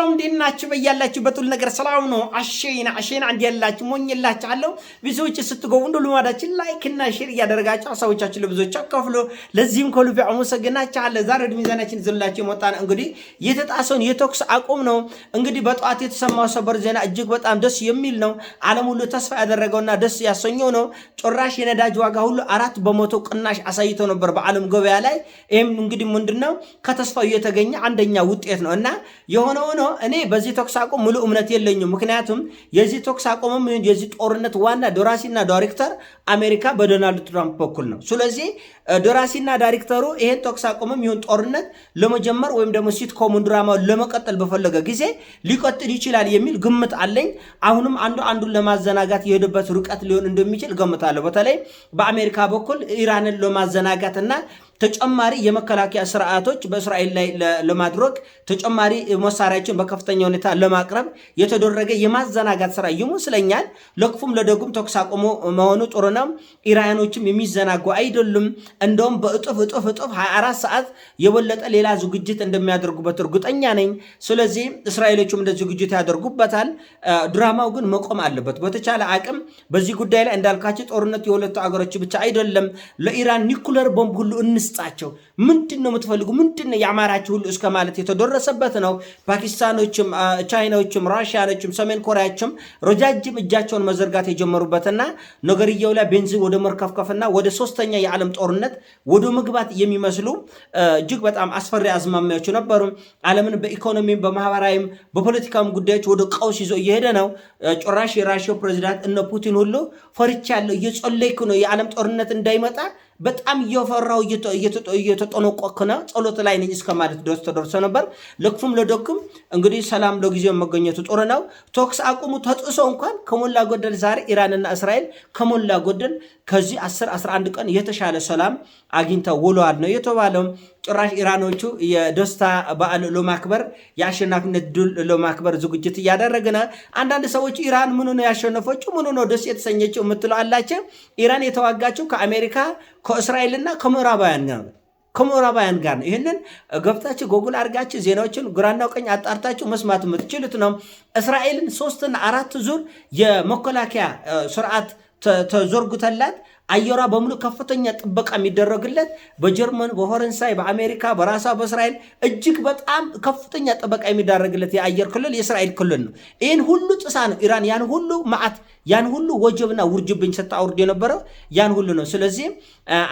ሰላም እንዴት ናችሁ? በያላችሁ በጡል ነገር ሰላም ነው። አሸይና አሸና አሸና እንዲያላችሁ ሞኝላችኋለሁ። ብዙዎች ስትገቡ እንደ ልማዳችን ላይክ እና ሼር እያደረጋችሁ ሀሳቦቻችን ለብዙዎች አካፍሎ ለዚህም ከልብ አመሰግናችኋለሁ። ዛሬ ወደ ሚዛናችን ይዘንላችሁ የመጣን እንግዲህ የተጣሰውን የተኩስ አቁም ነው። እንግዲህ በጠዋት የተሰማው ሰበር ዜና እጅግ በጣም ደስ የሚል ነው። ዓለም ሁሉ ተስፋ ያደረገውና ደስ ያሰኘው ነው። ጭራሽ የነዳጅ ዋጋ ሁሉ አራት በመቶ ቅናሽ አሳይቶ ነበር በዓለም ገበያ ላይ። ይህም እንግዲህ ምንድነው ከተስፋው የተገኘ አንደኛ ውጤት ነው እና የሆነ ሆኖ እኔ በዚህ ተኩስ አቁም ሙሉ እምነት የለኝም። ምክንያቱም የዚህ ተኩስ አቁምም የዚህ ጦርነት ዋና ደራሲና ዳይሬክተር አሜሪካ በዶናልድ ትራምፕ በኩል ነው። ስለዚህ ደራሲና ዳይሬክተሩ ይሄን ተኩስ አቁምም ይሁን ጦርነት ለመጀመር ወይም ደግሞ ሲትኮሙን ድራማውን ለመቀጠል በፈለገ ጊዜ ሊቀጥል ይችላል የሚል ግምት አለኝ። አሁንም አንዱ አንዱን ለማዘናጋት የሄደበት ርቀት ሊሆን እንደሚችል ገምታለሁ። በተለይ በአሜሪካ በኩል ኢራንን እና ተጨማሪ የመከላከያ ስርዓቶች በእስራኤል ላይ ለማድረግ ተጨማሪ መሳሪያዎችን በከፍተኛ ሁኔታ ለማቅረብ የተደረገ የማዘናጋት ስራ ይመስለኛል። ለክፉም ለደጉም ተኩስ አቁሙ መሆኑ ጥሩ ነው። ኢራኖችም የሚዘናጉ አይደሉም። እንደውም በእጥፍ እጥፍ እጥፍ 24 ሰዓት የበለጠ ሌላ ዝግጅት እንደሚያደርጉበት እርግጠኛ ነኝ። ስለዚህ እስራኤሎችም እንደ ዝግጅት ያደርጉበታል። ድራማው ግን መቆም አለበት። በተቻለ አቅም በዚህ ጉዳይ ላይ እንዳልካቸው ጦርነት የሁለቱ አገሮች ብቻ አይደለም። ለኢራን ኒኩለር ቦምብ ሁሉ እንስ ይስጣቸው። ምንድን ነው የምትፈልጉ? ምንድን ነው ሁሉ እስከ ማለት የተደረሰበት ነው። ፓኪስታኖችም፣ ቻይናዎችም፣ ራሽያኖችም፣ ሰሜን ኮሪያዎችም ረጃጅም እጃቸውን መዘርጋት የጀመሩበትና ነገርየው ላይ ቤንዚን ወደ መርከፍከፍና ወደ ሶስተኛ የዓለም ጦርነት ወደ መግባት የሚመስሉ እጅግ በጣም አስፈሪ አዝማሚያዎች ነበሩ። ዓለምን በኢኮኖሚም በማህበራዊም በፖለቲካም ጉዳዮች ወደ ቀውስ ይዞ እየሄደ ነው። ጭራሽ የራሽያው ፕሬዚዳንት እነ ፑቲን ሁሉ ፈርቻለሁ፣ እየጸለይኩ ነው የዓለም ጦርነት እንዳይመጣ በጣም እየፈራው እየተጠነቀቅኩ ጸሎት ላይ ነኝ እስከ ማለት ድረስ ተደርሶ ነበር። ለክፉም ለደኩም እንግዲህ ሰላም ለጊዜው መገኘቱ ጥሩ ነው። ተኩስ አቁሙ ተጥሶ እንኳን ከሞላ ጎደል ዛሬ ኢራንና እስራኤል ከሞላ ጎደል ከዚህ 10 11 ቀን የተሻለ ሰላም አግኝተው ውለዋል ነው የተባለው። ጭራሽ ኢራኖቹ የደስታ በዓል ለማክበር የአሸናፊነት ድል ለማክበር ዝግጅት እያደረግነ አንዳንድ ሰዎች ኢራን ምኑ ነው ያሸነፈችው ምኑ ነው ደስ የተሰኘችው የምትለው አላቸው። ኢራን የተዋጋችው ከአሜሪካ ከእስራኤልና ከምዕራባውያን ነው ከምዕራባውያን ጋር ነው። ይህንን ገብታችሁ ጎጉል አድርጋችሁ ዜናዎችን ግራና ቀኝ አጣርታችሁ መስማት የምትችሉት ነው። እስራኤልን ሶስትና አራት ዙር የመከላከያ ስርዓት ተዘርጉተላት አየሯ በሙሉ ከፍተኛ ጥበቃ የሚደረግለት በጀርመን፣ በሆረንሳይ፣ በአሜሪካ፣ በራሷ በእስራኤል እጅግ በጣም ከፍተኛ ጥበቃ የሚደረግለት የአየር ክልል የእስራኤል ክልል ነው። ይህን ሁሉ ጥሳ ነው ኢራን ያን ሁሉ መዓት ያን ሁሉ ወጀብና ውርጅብኝ ስታውርድ የነበረው ያን ሁሉ ነው። ስለዚህ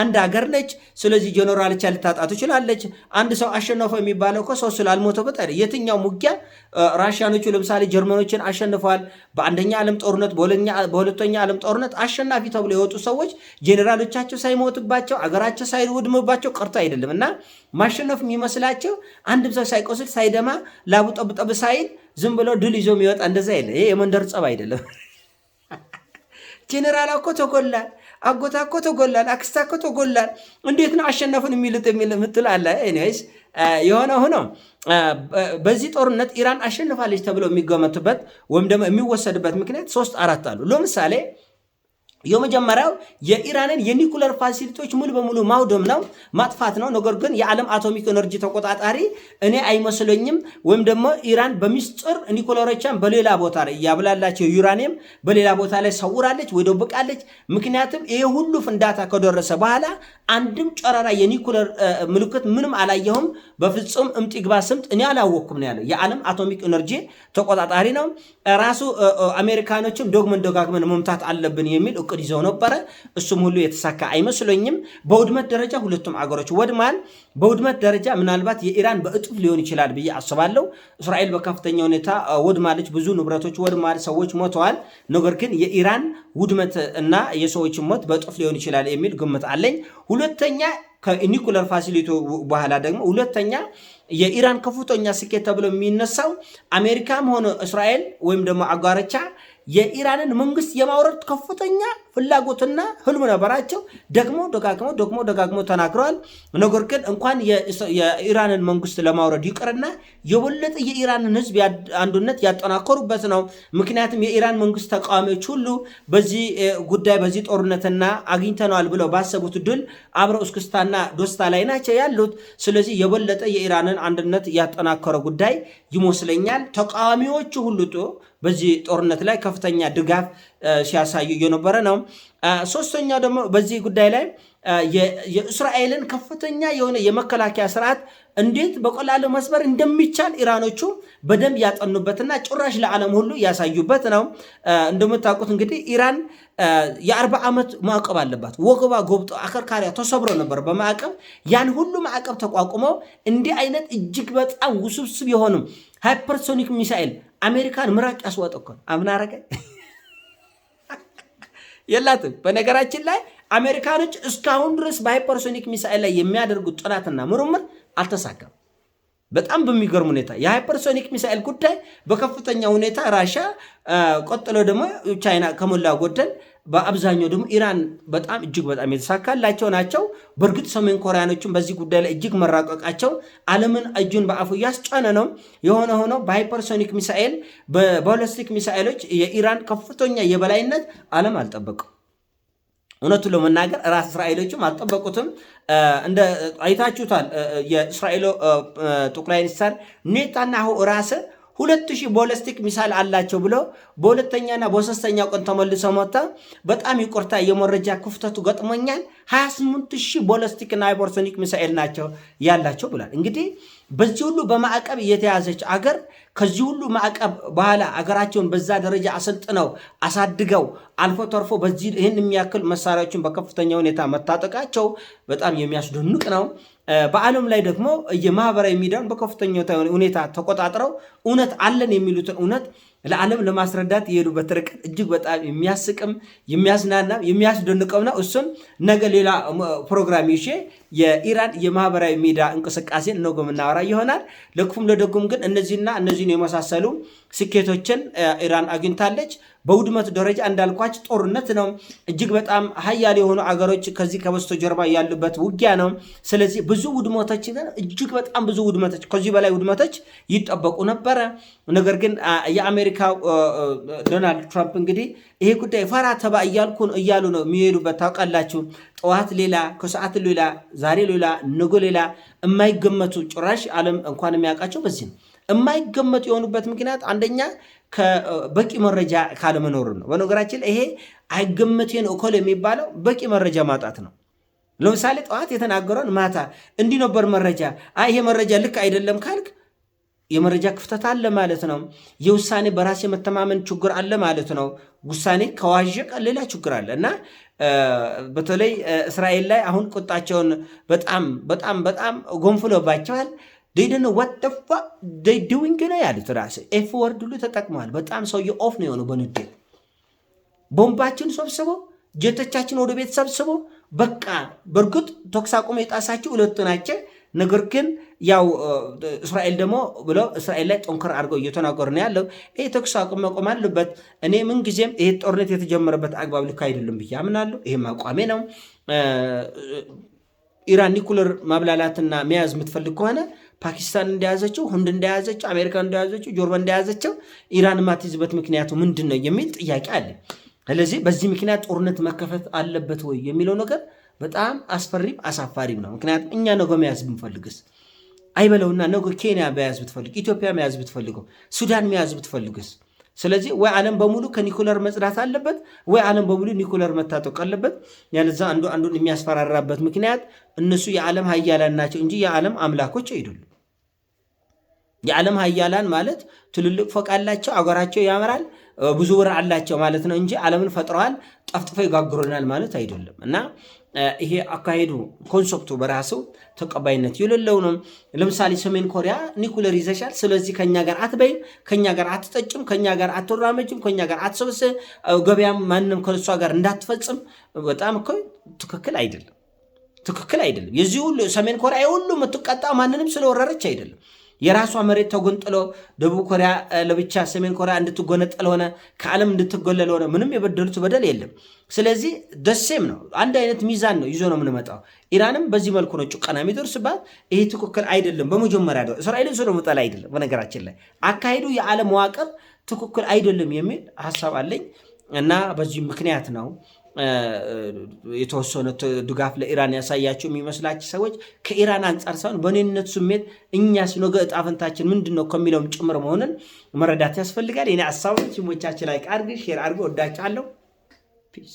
አንድ ሀገር ነች። ስለዚህ ጀኔራሎች ልታጣ ትችላለች። አንድ ሰው አሸነፈው የሚባለው ሰው ስላልሞተበት የትኛው ውጊያ ራሽያኖቹ ለምሳሌ ጀርመኖችን አሸንፈዋል። በአንደኛ ዓለም ጦርነት፣ በሁለተኛ ዓለም ጦርነት አሸናፊ ተብሎ የወጡ ሰዎች ጄኔራሎቻቸው ሳይሞቱባቸው አገራቸው ሳይወድምባቸው ቀርቶ አይደለም እና ማሸነፍ የሚመስላቸው አንድም ሰው ሳይቆስል ሳይደማ ላቡ ጠብጠብ ሳይል ዝም ብሎ ድል ይዞ የሚወጣ እንደዛ የለም። ይሄ የመንደር ጸብ አይደለም። ጄኔራል እኮ ተጎላል፣ አጎታ እኮ ተጎላል፣ አክስታ እኮ ተጎላል። እንዴት ነው አሸነፍን የሚልጥ የሚል ምትል አለ። ኤኒዌይስ የሆነ ሆኖ በዚህ ጦርነት ኢራን አሸንፋለች ተብሎ የሚገመትበት ወይም ደግሞ የሚወሰድበት ምክንያት ሶስት አራት አሉ። ለምሳሌ የመጀመሪያው የኢራንን የኒኩለር ፋሲሊቲዎች ሙሉ በሙሉ ማውደም ነው፣ ማጥፋት ነው። ነገር ግን የዓለም አቶሚክ ኤነርጂ ተቆጣጣሪ እኔ አይመስለኝም። ወይም ደግሞ ኢራን በሚስጥር ኒኩለሮቻን በሌላ ቦታ ላይ እያብላላቸው ዩራኒየም በሌላ ቦታ ላይ ሰውራለች ወይ ደብቃለች። ምክንያቱም ይሄ ሁሉ ፍንዳታ ከደረሰ በኋላ አንድም ጨረራ የኒኩለር ምልክት ምንም አላየሁም። በፍጹም እምጥ ይግባ ስምጥ እኔ አላወቅኩም ነው ያለው። የዓለም አቶሚክ ኤነርጂ ተቆጣጣሪ ነው። ራሱ አሜሪካኖችም ደግመን ደጋግመን መምታት አለብን የሚል እቅድ ይዘው ነበረ። እሱም ሁሉ የተሳካ አይመስለኝም። በውድመት ደረጃ ሁለቱም አገሮች ወድማል። በውድመት ደረጃ ምናልባት የኢራን በእጡፍ ሊሆን ይችላል ብዬ አስባለሁ። እስራኤል በከፍተኛ ሁኔታ ወድማለች። ብዙ ንብረቶች ወድማል፣ ሰዎች ሞተዋል። ነገር ግን የኢራን ውድመት እና የሰዎች ሞት በእጥፍ ሊሆን ይችላል የሚል ግምት አለኝ። ሁለተኛ ከኒኩለር ፋሲሊቲ በኋላ ደግሞ ሁለተኛ የኢራን ከፍተኛ ስኬት ተብሎ የሚነሳው አሜሪካም ሆነ እስራኤል ወይም ደግሞ አጓረቻ የኢራንን መንግስት የማውረድ ከፍተኛ ፍላጎትና ህልም ነበራቸው። ደግሞ ደጋግሞ ደግሞ ደጋግሞ ተናግረዋል። ነገር ግን እንኳን የኢራንን መንግስት ለማውረድ ይቅርና የበለጠ የኢራንን ህዝብ አንዱነት ያጠናከሩበት ነው። ምክንያቱም የኢራን መንግስት ተቃዋሚዎች ሁሉ በዚህ ጉዳይ በዚህ ጦርነትና አግኝተነዋል ብለው ባሰቡት ድል አብረው እስክስታና ደስታና ደስታ ላይ ናቸው ያሉት። ስለዚህ የበለጠ የኢራንን አንድነት ያጠናከረ ጉዳይ ይመስለኛል። ተቃዋሚዎቹ ሁሉ በዚህ ጦርነት ላይ ከፍተኛ ድጋፍ ሲያሳዩ እየነበረ ነው። ሶስተኛው ደግሞ በዚህ ጉዳይ ላይ የእስራኤልን ከፍተኛ የሆነ የመከላከያ ስርዓት እንዴት በቀላሉ መስበር እንደሚቻል ኢራኖቹ በደንብ ያጠኑበትና ጭራሽ ለዓለም ሁሉ ያሳዩበት ነው። እንደምታውቁት እንግዲህ ኢራን የአርባ ዓመት ማዕቀብ አለባት። ወገቧ ጎብጦ አከርካሪያ ተሰብሮ ነበር በማዕቀብ ያን ሁሉ ማዕቀብ ተቋቁሞ እንዲህ አይነት እጅግ በጣም ውስብስብ የሆኑ ሃይፐርሶኒክ ሚሳኤል አሜሪካን ምራቅ ያስዋጠኮን አምናረገ የላትም በነገራችን ላይ አሜሪካኖች እስካሁን ድረስ በሃይፐርሶኒክ ሚሳኤል ላይ የሚያደርጉት ጥናትና ምርምር አልተሳካም። በጣም በሚገርም ሁኔታ የሃይፐርሶኒክ ሚሳኤል ጉዳይ በከፍተኛ ሁኔታ ራሻ፣ ቀጥሎ ደግሞ ቻይና ከሞላ ጎደል፣ በአብዛኛው ደግሞ ኢራን በጣም እጅግ በጣም የተሳካላቸው ናቸው። በእርግጥ ሰሜን ኮሪያኖችን በዚህ ጉዳይ ላይ እጅግ መራቀቃቸው ዓለምን እጁን በአፉ እያስጫነ ነው። የሆነ ሆኖ በሃይፐርሶኒክ ሚሳኤል፣ በባሊስቲክ ሚሳኤሎች የኢራን ከፍተኛ የበላይነት ዓለም አልጠበቀው። እውነቱን ለመናገር ራስ እስራኤሎችም አልጠበቁትም። እንደ አይታችሁታል የእስራኤል ጠቅላይ ሚኒስትር ኔታንያሁ ራስ ሁለት ሺህ ቦለስቲክ ሚሳይል አላቸው ብሎ በሁለተኛና በሶስተኛው ቀን ተመልሶ መጣ። በጣም ይቆርታ የመረጃ ክፍተቱ ገጥሞኛል። 28 ሺህ ቦለስቲክና ሃይፐርሶኒክ ሚሳኤል ናቸው ያላቸው ብሏል። እንግዲህ በዚህ ሁሉ በማዕቀብ የተያዘች አገር ከዚህ ሁሉ ማዕቀብ በኋላ አገራቸውን በዛ ደረጃ አሰልጥነው አሳድገው አልፎ ተርፎ በዚህ ይህን የሚያክል መሳሪያዎችን በከፍተኛ ሁኔታ መታጠቃቸው በጣም የሚያስደንቅ ነው። በዓለም ላይ ደግሞ የማህበራዊ ሚዲያውን በከፍተኛ ሁኔታ ተቆጣጥረው እውነት አለን የሚሉትን እውነት ለዓለም ለማስረዳት የሄዱበት ርቀት እጅግ በጣም የሚያስቅም የሚያዝናና ነው እሱም ነገ ሌላ ፕሮግራም ይዤ የኢራን የማህበራዊ ሚዲያ እንቅስቃሴን ነገ የምናወራ ይሆናል። ለክፉም ለደጉም ግን እነዚህና እነዚህን የመሳሰሉ ስኬቶችን ኢራን አግኝታለች። በውድመት ደረጃ እንዳልኳች ጦርነት ነው። እጅግ በጣም ሀያል የሆኑ አገሮች ከዚህ ጀርባ ያሉበት ውጊያ ነው። ስለዚህ ብዙ ውድመቶች፣ እጅግ በጣም ብዙ ውድመቶች፣ ከዚህ በላይ ውድመቶች ይጠበቁ ነበረ። ነገር ግን የአሜሪካ የአሜሪካ ዶናልድ ትራምፕ እንግዲህ ይሄ ጉዳይ ፈራ ተባ እያልኩን እያሉ ነው የሚሄዱበት። ታውቃላችሁ፣ ጠዋት ሌላ፣ ከሰዓት ሌላ፣ ዛሬ ሌላ፣ ነገ ሌላ የማይገመቱ ጭራሽ ዓለም እንኳን የሚያውቃቸው በዚህ ነው። የማይገመቱ የሆኑበት ምክንያት አንደኛ በቂ መረጃ ካለመኖር ነው። በነገራችን ይሄ አይገመቴን እኮል የሚባለው በቂ መረጃ ማጣት ነው። ለምሳሌ ጠዋት የተናገረውን ማታ እንዲህ ነበር መረጃ፣ ይሄ መረጃ ልክ አይደለም ካልክ የመረጃ ክፍተት አለ ማለት ነው። የውሳኔ በራስ የመተማመን ችግር አለ ማለት ነው። ውሳኔ ከዋዠቀ ሌላ ችግር አለ እና በተለይ እስራኤል ላይ አሁን ቁጣቸውን በጣም በጣም በጣም ጎንፍሎባቸዋል። ደደነ ወጠፋ ደይድዊንግ ነው ያሉት ራስ ኤፍ ወርድ ሁሉ ተጠቅመዋል። በጣም ሰው የኦፍ ነው የሆነው በንዴት ቦምባችን ሰብስቦ ጀቶቻችን ወደ ቤት ሰብስቦ በቃ በእርግጥ ተኩስ አቁም የጣሳቸው ሁለቱ ናቸው። ነገር ግን ያው እስራኤል ደግሞ ብሎ እስራኤል ላይ ጠንከር አድርገው እየተናገሩ ነው ያለው። ይህ ተኩስ አቁም መቆም አለበት። እኔ ምንጊዜም ይሄ ጦርነት የተጀመረበት አግባብ ልክ አይደለም ብዬ አምናለሁ። ይሄ አቋሜ ነው። ኢራን ኒኩለር ማብላላትና መያዝ የምትፈልግ ከሆነ ፓኪስታን እንደያዘችው፣ ህንድ እንደያዘችው፣ አሜሪካ እንደያዘችው፣ ጆርባ እንደያዘችው ኢራን ማትይዝበት ምክንያቱ ምንድን ነው የሚል ጥያቄ አለ። ስለዚህ በዚህ ምክንያት ጦርነት መከፈት አለበት ወይ የሚለው ነገር በጣም አስፈሪም አሳፋሪም ነው። ምክንያቱም እኛ ነገ መያዝ ብንፈልግስ አይበለውና ነገ ኬንያ መያዝ ብትፈልግ፣ ኢትዮጵያ መያዝ ብትፈልገው፣ ሱዳን መያዝ ብትፈልግስ? ስለዚህ ወይ ዓለም በሙሉ ከኒኩለር መጽዳት አለበት፣ ወይ ዓለም በሙሉ ኒኩለር መታጠቅ አለበት። ያለዛ አንዱ አንዱን የሚያስፈራራበት ምክንያት እነሱ የዓለም ሀያላን ናቸው እንጂ የዓለም አምላኮች አይደሉም። የዓለም ሀያላን ማለት ትልልቅ ፎቅ አላቸው፣ አገራቸው ያምራል ብዙ ብር አላቸው ማለት ነው እንጂ ዓለምን ፈጥረዋል ጠፍጥፎ ይጋግሩናል ማለት አይደለም እና ይሄ አካሄዱ ኮንሰፕቱ በራሱ ተቀባይነት የሌለው ነው። ለምሳሌ ሰሜን ኮሪያ ኒኩለር ይዘሻል፣ ስለዚህ ከኛ ጋር አትበይም፣ ከኛ ጋር አትጠጭም፣ ከኛ ጋር አትራመጅም፣ ከኛ ጋር አትሰብስ፣ ገበያም ማንም ከእሷ ጋር እንዳትፈጽም። በጣም እኮ ትክክል አይደለም፣ ትክክል አይደለም። የዚህ ሁሉ ሰሜን ኮሪያ የሁሉ የምትቀጣ ማንንም ስለወረረች አይደለም። የራሷ መሬት ተጎንጥሎ ደቡብ ኮሪያ ለብቻ ሰሜን ኮሪያ እንድትጎነጠል ሆነ፣ ከዓለም እንድትጎለል ሆነ። ምንም የበደሉት በደል የለም። ስለዚህ ደሴም ነው አንድ አይነት ሚዛን ነው ይዞ ነው የምንመጣው። ኢራንም በዚህ መልኩ ነው ጭቆና የሚደርስባት። ይሄ ትክክል አይደለም። በመጀመሪያ እስራኤልን እስራኤልን መጠል አይደለም። በነገራችን ላይ አካሄዱ የዓለም መዋቅር ትክክል አይደለም የሚል ሀሳብ አለኝ እና በዚህ ምክንያት ነው የተወሰነ ድጋፍ ለኢራን ያሳያቸው የሚመስላቸው ሰዎች ከኢራን አንጻር ሳይሆን በእኔነት ስሜት እኛ ነገ ዕጣ ፈንታችን ምንድን ነው ከሚለውም ጭምር መሆንን መረዳት ያስፈልጋል። የኔ ሀሳቦች ሲሞቻችን ላይ ቃርግ ሼር አድርገ ወዳችኋለሁ። ፒስ